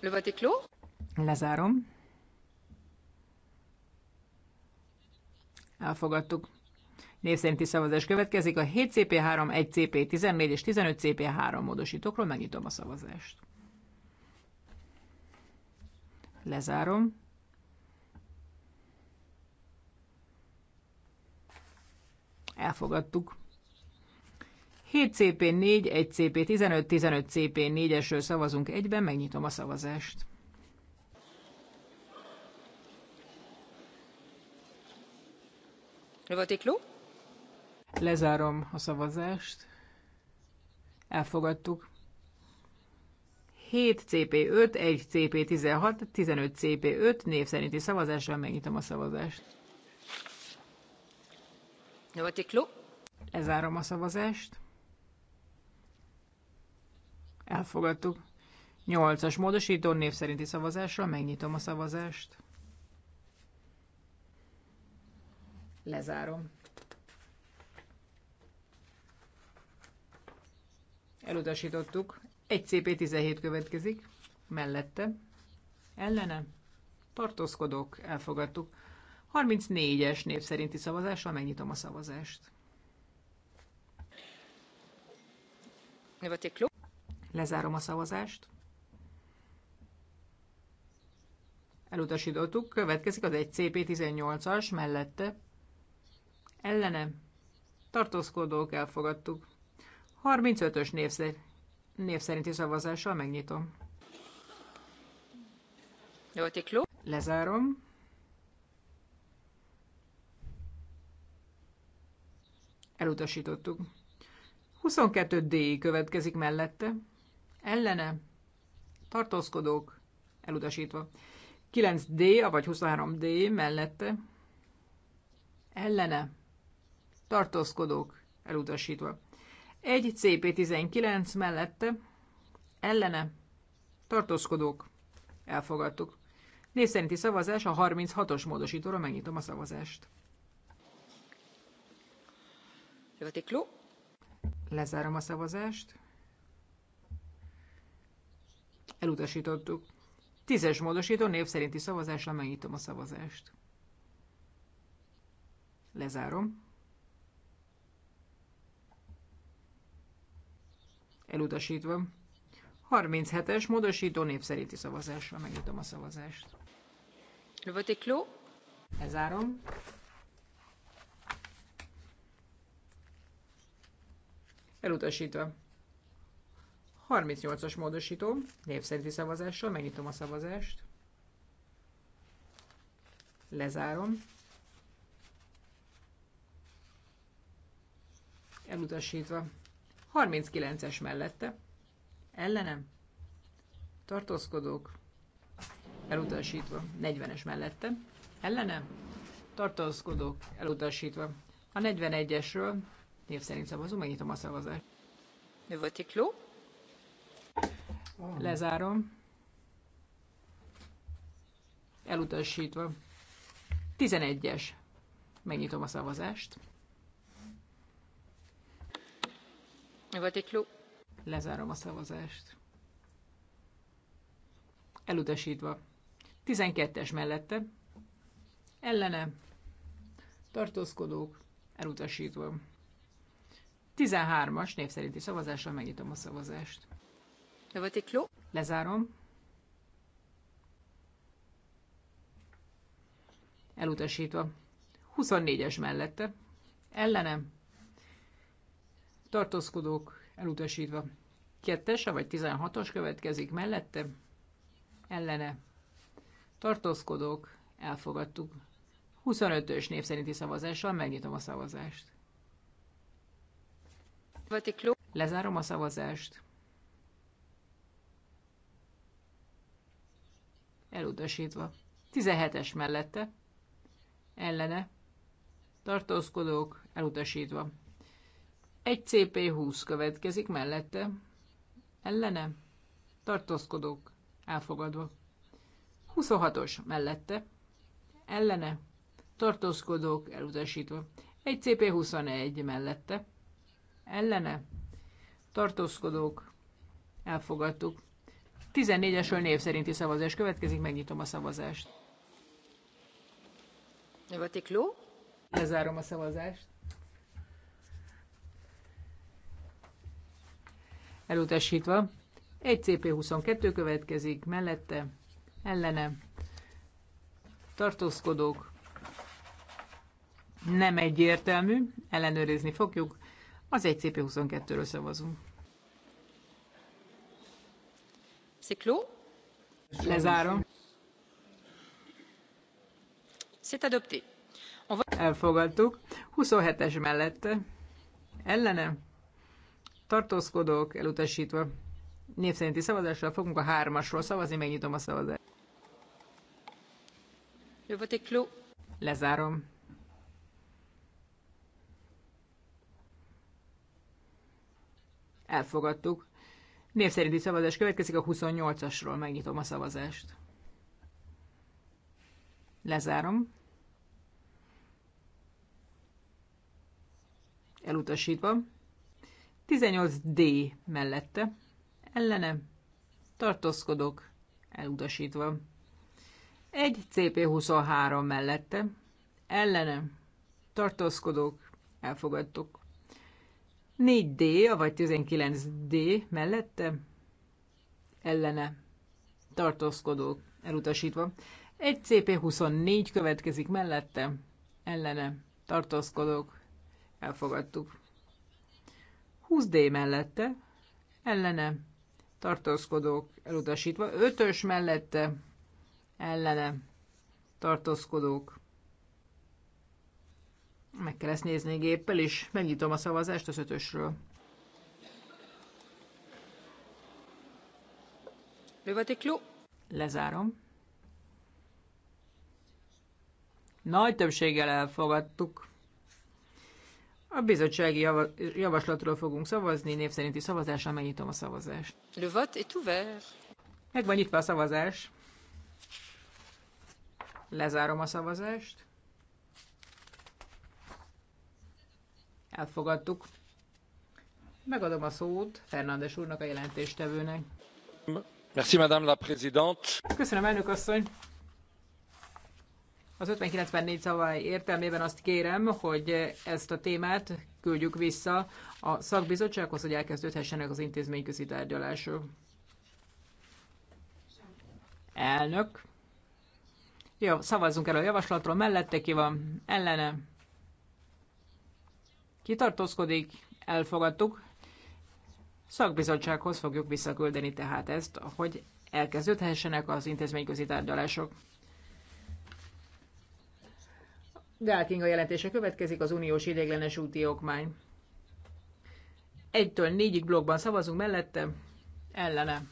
Speaker 4: Le vote est clos.
Speaker 3: Lezárom. Elfogadtuk. Név szerinti szavazás következik. A 7CP3, 1CP14 és 15CP3 módosítókról megnyitom a szavazást. Lezárom. Elfogadtuk. 7CP4, 1CP15, 15CP4-esről szavazunk egyben, megnyitom a szavazást. Le vote est clos. Lezárom a szavazást. Elfogadtuk. 7 CP5, 1 CP16, 15 CP5 név szerinti szavazással megnyitom a szavazást. Le vote est clos. Lezárom a szavazást. Elfogadtuk. 8-as módosító név szerinti szavazással megnyitom a szavazást. Lezárom. Elutasítottuk. Egy CP17 következik. Mellette. Ellene. Tartózkodok. Elfogadtuk. 34-es név szerinti szavazással megnyitom a szavazást. Lezárom a szavazást. Elutasítottuk. Következik az egy CP18-as mellette ellene tartózkodók elfogadtuk. 35-ös név, név szerinti szavazással megnyitom. Lezárom. Elutasítottuk. 22 D következik mellette. Ellene. Tartózkodók. Elutasítva. 9D, vagy 23D mellette. Ellene tartózkodók elutasítva. Egy CP19 mellette ellene tartózkodók elfogadtuk. Név szerinti szavazás a 36-os módosítóra megnyitom a szavazást. Lezárom a szavazást. Elutasítottuk. Tízes módosító név szerinti szavazásra megnyitom a szavazást. Lezárom. elutasítva. 37-es módosító népszerinti szavazásra megnyitom a szavazást. Le vote Lezárom. Elutasítva. 38-as módosító, népszerinti szavazásra megnyitom a szavazást. Lezárom. Elutasítva. 39-es mellette. Ellenem. Tartózkodók. Elutasítva. 40-es mellette. Ellenem. Tartózkodók. Elutasítva. A 41-esről név szerint szavazom, megnyitom a szavazást. Le vote Lezárom. Elutasítva. 11-es. Megnyitom a szavazást. Lezárom a szavazást. Elutasítva. 12-es mellette. Ellene. Tartózkodók. Elutasítva. 13-as név szerinti szavazással megnyitom a szavazást. Lezárom. Elutasítva. 24-es mellette. Ellenem tartózkodók elutasítva. Kettese vagy 16-os következik mellette, ellene tartózkodók elfogadtuk. 25-ös név szerinti szavazással megnyitom a szavazást. Lezárom a szavazást. Elutasítva. 17-es mellette. Ellene. Tartózkodók elutasítva. Egy CP20 következik mellette. Ellene. Tartózkodók. Elfogadva. 26-os mellette. Ellene. Tartózkodók elutasítva. Egy CP21 mellette. Ellene. Tartózkodók. Elfogadtuk. 14-esről név szerinti szavazás következik, megnyitom a szavazást. ló. Lezárom a szavazást. elutasítva. 1CP22 következik, mellette, ellene, tartózkodók, nem egyértelmű, ellenőrizni fogjuk, az 1CP22-ről szavazunk. Szikló? Lezárom. C'est adopté. Elfogadtuk. 27-es mellette. Ellenem tartózkodók, elutasítva. Név szerinti szavazással fogunk a hármasról szavazni, megnyitom a szavazást. Lezárom. Elfogadtuk. Név szerinti szavazás következik a 28-asról. Megnyitom a szavazást. Lezárom. Elutasítva. 18D mellette ellene tartózkodok elutasítva. Egy CP23 mellette ellene tartózkodok elfogadtok. 4D, vagy 19D mellette ellene tartózkodok, elutasítva. Egy CP24 következik mellette, ellene tartózkodok, elfogadtuk. 20D mellette, ellene, tartózkodók elutasítva, 5-ös mellette, ellene, tartózkodók. Meg kell ezt nézni géppel is, megnyitom a szavazást az ötösről. Lezárom. Nagy többséggel elfogadtuk. A bizottsági javaslatról fogunk szavazni, név szerinti szavazással megnyitom a szavazást. Le
Speaker 4: vote est ouvert.
Speaker 3: Meg van nyitva a szavazás. Lezárom a szavazást. Elfogadtuk. Megadom a szót Fernandes úrnak, a jelentéstevőnek.
Speaker 2: Merci, Madame la Présidente.
Speaker 3: Köszönöm, elnök asszony. Az 5094 szabály értelmében azt kérem, hogy ezt a témát küldjük vissza a szakbizottsághoz, hogy elkezdődhessenek az intézményközi tárgyalások. Elnök. Jó, szavazzunk el a javaslatról. Mellette ki van? Ellene? Kitartózkodik? Elfogadtuk. Szakbizottsághoz fogjuk visszaküldeni tehát ezt, hogy elkezdődhessenek az intézményközi tárgyalások. Deák Inga jelentése következik, az uniós ideiglenes úti okmány. Egytől négyig 4 blogban szavazunk mellette, ellene.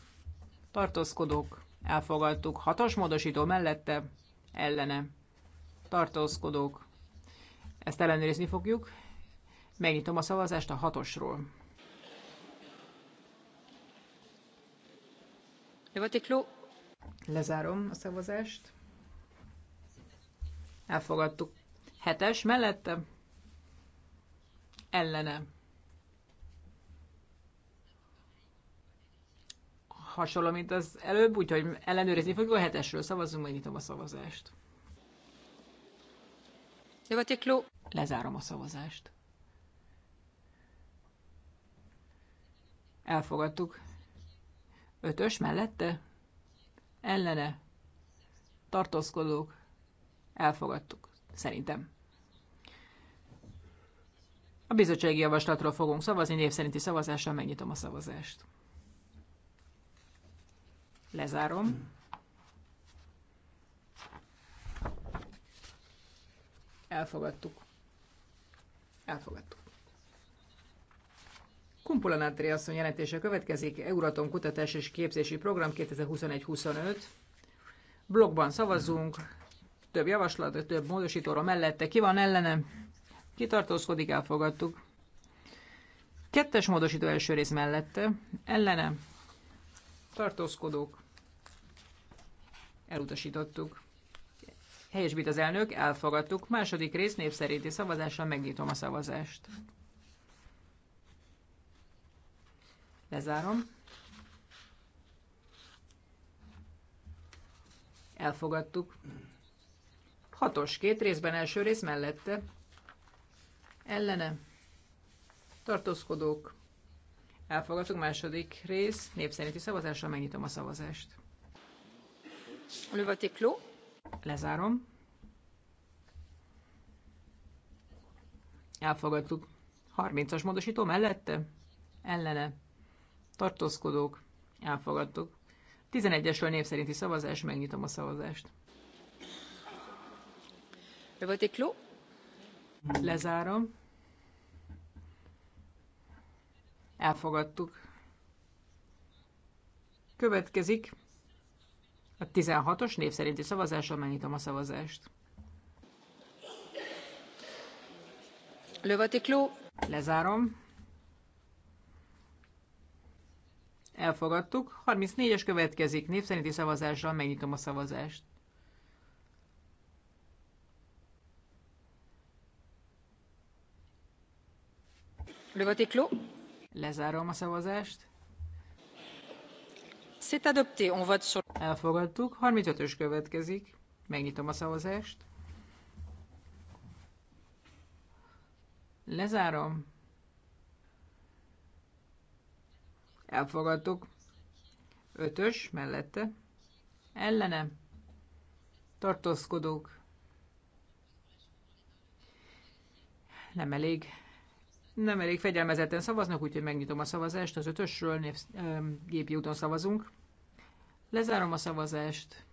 Speaker 3: Tartózkodók, elfogadtuk. Hatos módosító mellette, ellene. Tartózkodók. Ezt ellenőrizni fogjuk. Megnyitom a szavazást a hatosról. Lezárom a szavazást. Elfogadtuk Hetes mellette ellene. Hasonló, mint az előbb, úgyhogy ellenőrizni fogjuk a hetesről. Szavazzunk, majd nyitom a szavazást. Jövetikló. Lezárom a szavazást. Elfogadtuk. Ötös mellette? Ellene. Tartózkodók. Elfogadtuk szerintem. A bizottsági javaslatról fogunk szavazni, név szerinti szavazással megnyitom a szavazást. Lezárom. Elfogadtuk. Elfogadtuk. Kumpula Nátri asszony jelentése következik, Euratom kutatás és képzési program 2021-25. Blogban szavazunk, több javaslat, több módosítóra mellette. Ki van ellenem? Kitartózkodik, elfogadtuk. Kettes módosító első rész mellette. Ellene. Tartózkodók. Elutasítottuk. Helyesbít az elnök, elfogadtuk. Második rész népszerinti szavazással megnyitom a szavazást. Lezárom. Elfogadtuk. Hatos két részben első rész mellette. Ellene. Tartózkodók. Elfogadtuk második rész. Népszerinti szavazással megnyitom a szavazást. Le Lezárom. Elfogadtuk. 30-as módosító mellette? Ellene. Tartózkodók. Elfogadtuk. 11-esről népszerinti szavazás, megnyitom a szavazást. Le vote Lezárom. Elfogadtuk. Következik a 16-os név szerinti szavazással megnyitom a szavazást. Le vote est clos. Lezárom. Elfogadtuk. 34-es következik. Név szerinti szavazással megnyitom a szavazást. Le vote est clos. Lezárom a szavazást. C'est adopté. On vote sur... Elfogadtuk. 35-ös következik. Megnyitom a szavazást. Lezárom. Elfogadtuk. Ötös mellette. Ellene. Tartózkodók. Nem elég nem elég fegyelmezetten szavaznak, úgyhogy megnyitom a szavazást. Az ötösről név, gépi úton szavazunk. Lezárom a szavazást.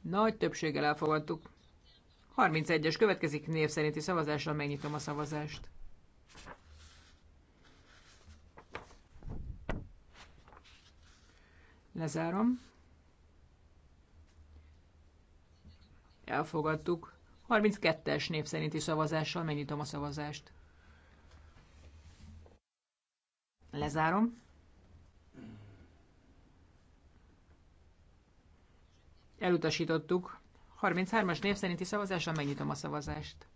Speaker 3: Nagy többséggel elfogadtuk. 31-es következik név szerinti szavazásra, megnyitom a szavazást. Lezárom. Elfogadtuk. 32-es név szerinti szavazással megnyitom a szavazást. Lezárom. Elutasítottuk. 33-as név szerinti szavazással megnyitom a szavazást.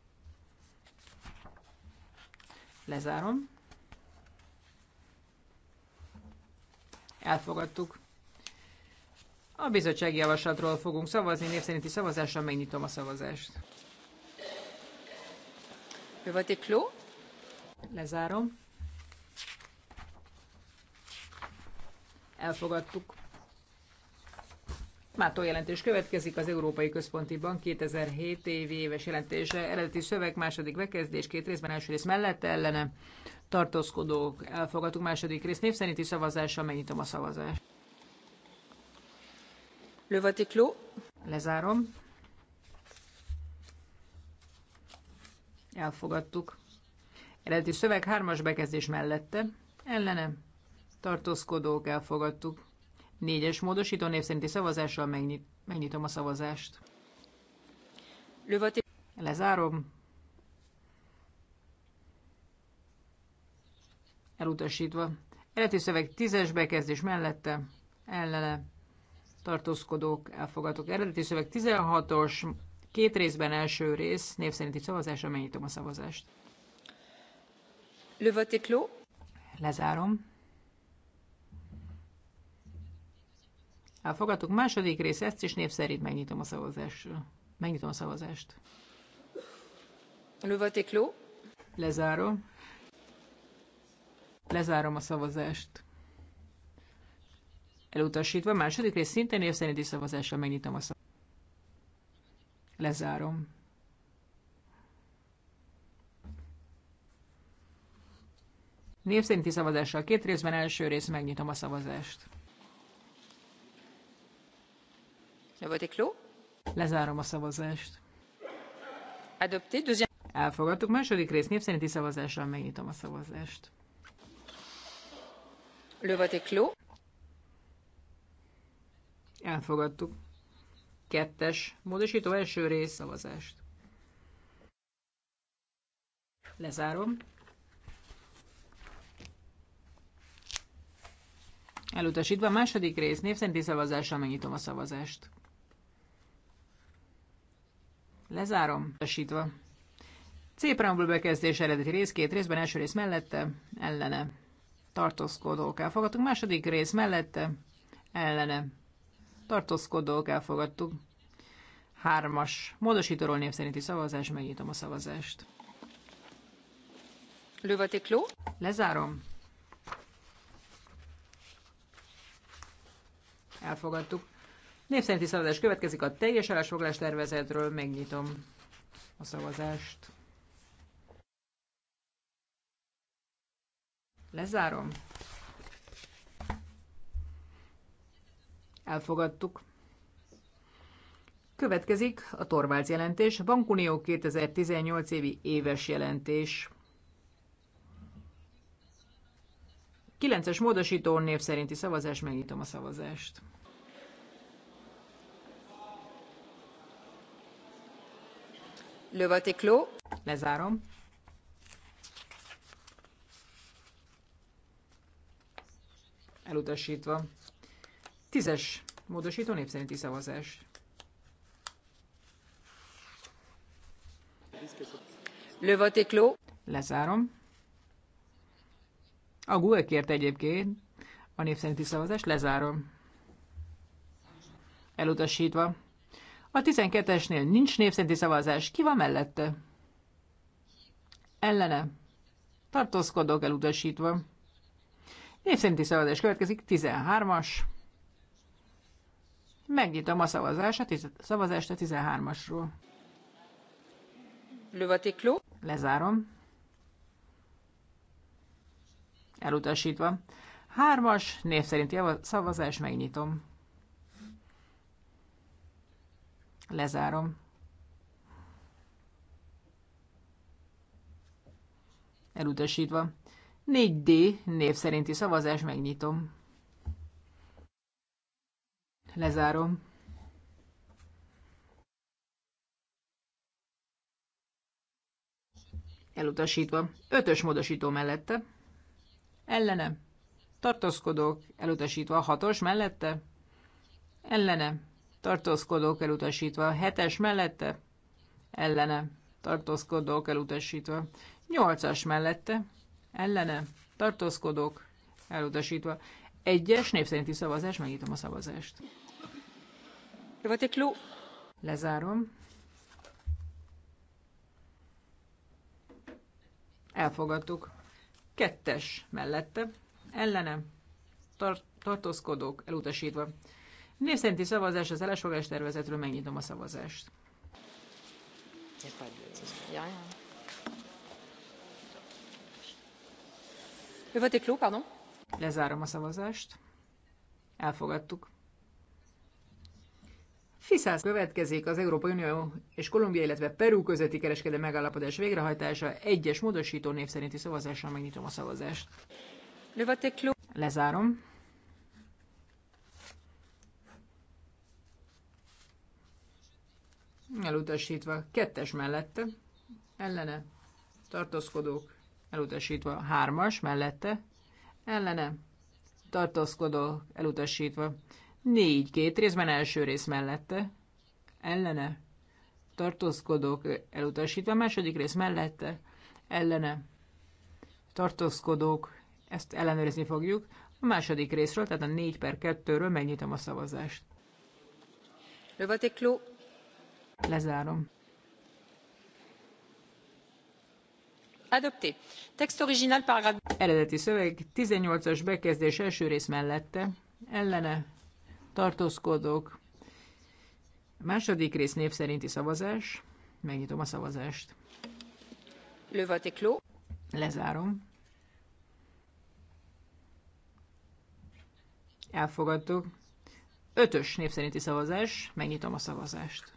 Speaker 3: Lezárom. Elfogadtuk. A bizottsági javaslatról fogunk szavazni, név szerinti szavazással megnyitom a szavazást. Le vote est clos. Lezárom. Elfogadtuk. Mától jelentés következik az Európai Központi Bank 2007 évi éves jelentése. Eredeti szöveg, második bekezdés, két részben, első rész mellette ellene. Tartózkodók, elfogadtuk második rész. Név szerinti szavazással megnyitom a szavazást. Le Lezárom. Elfogadtuk. Eredeti szöveg hármas bekezdés mellette. Ellene. Tartózkodók elfogadtuk. Négyes módosító név szerinti szavazással megnyit, megnyitom a szavazást. Le Lezárom. Elutasítva. Eredeti szöveg tízes bekezdés mellette. Ellene tartózkodók elfogadók. Eredeti szöveg 16-os, két részben első rész, név szerinti szavazásra megnyitom a szavazást. Le vote clos. Lezárom. Elfogadtuk. Második rész, ezt is név szerint megnyitom a szavazást. Megnyitom a szavazást.
Speaker 4: Le vote clos.
Speaker 3: Lezárom. Lezárom a szavazást elutasítva. Második rész szintén év szerinti szavazással megnyitom a szavazást. Lezárom. Név szerinti szavazással két részben, első rész megnyitom a szavazást. Lezárom a szavazást. Adopté, deuxième... Elfogadtuk. Második rész név szerinti szavazással megnyitom a szavazást. Le vote est clos. Elfogadtuk. Kettes módosító első rész szavazást. Lezárom. Elutasítva a második rész név szavazással megnyitom a szavazást. Lezárom. Elutasítva. C preambul bekezdés eredeti rész két részben, első rész mellette, ellene. Tartózkodók elfogadtunk. Második rész mellette, ellene tartózkodók elfogadtuk. Hármas módosítóról név szerinti szavazás, megnyitom a szavazást. Lövatikló. Lezárom. Elfogadtuk. Név szerinti szavazás következik a teljes állásfoglás tervezetről, megnyitom a szavazást. Lezárom. Elfogadtuk. Következik a Torvalds jelentés, Bankunió 2018 évi éves jelentés. 9-es módosító név szerinti szavazás, megnyitom a szavazást. Le vote clos. Lezárom. Elutasítva. Tízes módosító népszerinti szavazás. Le vote clos. Lezárom. A GUE kért egyébként a népszerinti szavazást, lezárom. Elutasítva. A 12-esnél nincs népszerinti szavazás, ki van mellette? Ellene. Tartózkodok elutasítva. Népszerinti szavazás következik, 13-as. Megnyitom a szavazást, a tiz- szavazást a 13-asról. Lezárom. Elutasítva. Hármas név szerint szavazás, megnyitom. Lezárom. Elutasítva. 4D név szerinti szavazás, megnyitom. Lezárom. Elutasítva. Ötös módosító mellette. Ellene. Tartózkodok. Elutasítva. Hatos mellette. Ellene. Tartózkodok. elutasítva. Hetes mellette. Ellene. Tartózkodok. elutasítva. Nyolcas mellette. Ellene. Tartózkodok. elutasítva. Egyes név szerinti szavazás, megnyitom a szavazást. Lezárom. Elfogadtuk. Kettes mellette, Ellenem. tar- tartózkodók elutasítva. Név szerinti szavazás az elesfogás tervezetről, megnyitom a szavazást. Le vote est clos, pardon. Lezárom a szavazást. Elfogadtuk. Fiszász következik az Európai Unió és Kolumbia, illetve Peru közötti kereskedelmi megállapodás végrehajtása. Egyes módosító név szerinti szavazással megnyitom a szavazást. Lezárom. Elutasítva. Kettes mellette. Ellene. Tartózkodók. Elutasítva. Hármas mellette ellene tartózkodó elutasítva. Négy két részben első rész mellette, ellene tartózkodók elutasítva, második rész mellette, ellene tartózkodók, ezt ellenőrizni fogjuk. A második részről, tehát a 4 per 2-ről megnyitom a szavazást. Le vote Lezárom. Eredeti szöveg 18-as bekezdés első rész mellette. Ellene tartózkodók. Második rész név szerinti szavazás. Megnyitom a szavazást.
Speaker 4: Le vote clos.
Speaker 3: Lezárom. Elfogadtuk. Ötös név szerinti szavazás. Megnyitom a szavazást.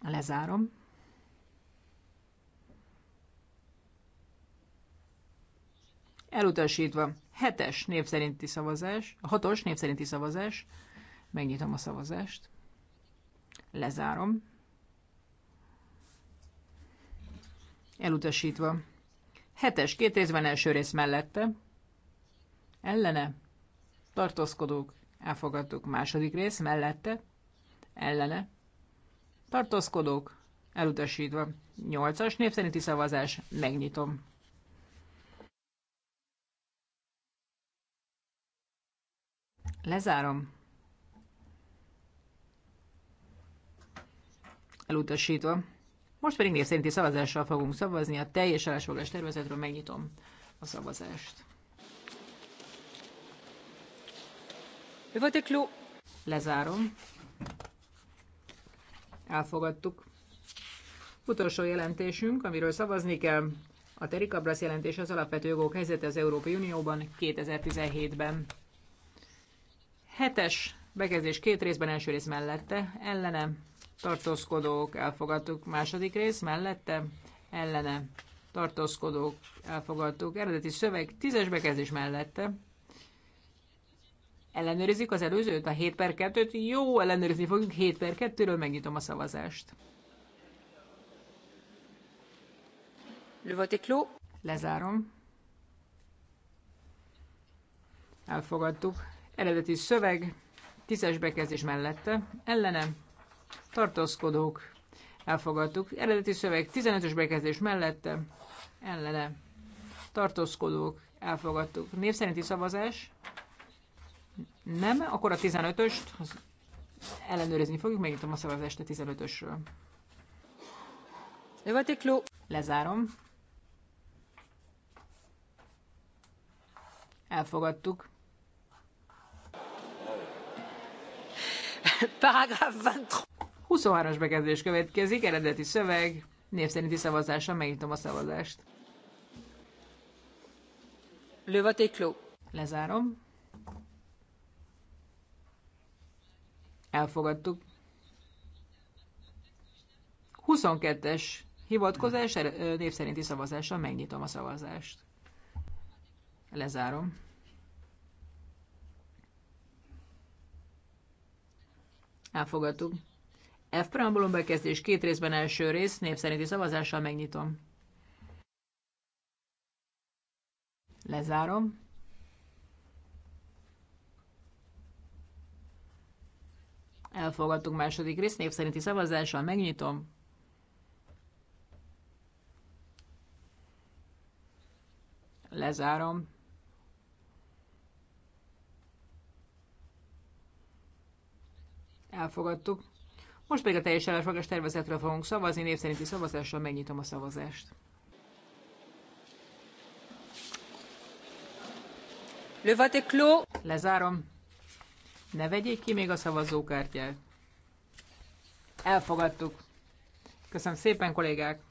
Speaker 3: Lezárom. Elutasítva. Hetes név szerinti szavazás, hatos név szerinti szavazás. Megnyitom a szavazást. Lezárom. Elutasítva. Hetes két részben első rész mellette. Ellene. Tartózkodók. Elfogadtuk. Második rész mellette. Ellene. Tartózkodók. Elutasítva. Nyolcas név szerinti szavazás. Megnyitom. Lezárom. Elutasítva. Most pedig név szerinti szavazással fogunk szavazni. A teljes állásfoglalás tervezetről megnyitom a szavazást. Lezárom. Elfogadtuk. Utolsó jelentésünk, amiről szavazni kell, a Terikabrasz jelentés az alapvető jogok helyzete az Európai Unióban 2017-ben. Hetes bekezdés két részben, első rész mellette, ellene, tartózkodók, elfogadtuk. Második rész mellette, ellene, tartózkodók, elfogadtuk. Eredeti szöveg tízes bekezdés mellette. Ellenőrizik az előzőt, a 7 per 2-t. Jó, ellenőrizni fogjuk 7 per 2-ről, megnyitom a szavazást. Le vote Lezárom. Elfogadtuk. Eredeti szöveg, tízes bekezdés mellette, ellene, tartózkodók, elfogadtuk. Eredeti szöveg, 15-ös bekezdés mellette, ellene, tartózkodók, elfogadtuk. Név szerinti szavazás, nem, akkor a 15-öst ellenőrizni fogjuk, megnyitom a szavazást a 15-ösről. Lezárom. Elfogadtuk. Paragraf 23-as bekezdés következik, eredeti szöveg, név szerinti szavazással megnyitom a szavazást. Le vote Lezárom. Elfogadtuk. 22-es hivatkozás er- név szerinti szavazással megnyitom a szavazást. Lezárom. Elfogadtuk. F preambulum bekezdés két részben első rész, népszerinti szavazással megnyitom. Lezárom. Elfogadtuk második rész, népszerinti szavazással megnyitom. Lezárom. Elfogadtuk. Most pedig a teljes ellenfoglás tervezetről fogunk szavazni, név szerinti szavazással megnyitom a szavazást. Le vote Lezárom. Ne vegyék ki még a szavazókártyát. Elfogadtuk. Köszönöm szépen, kollégák!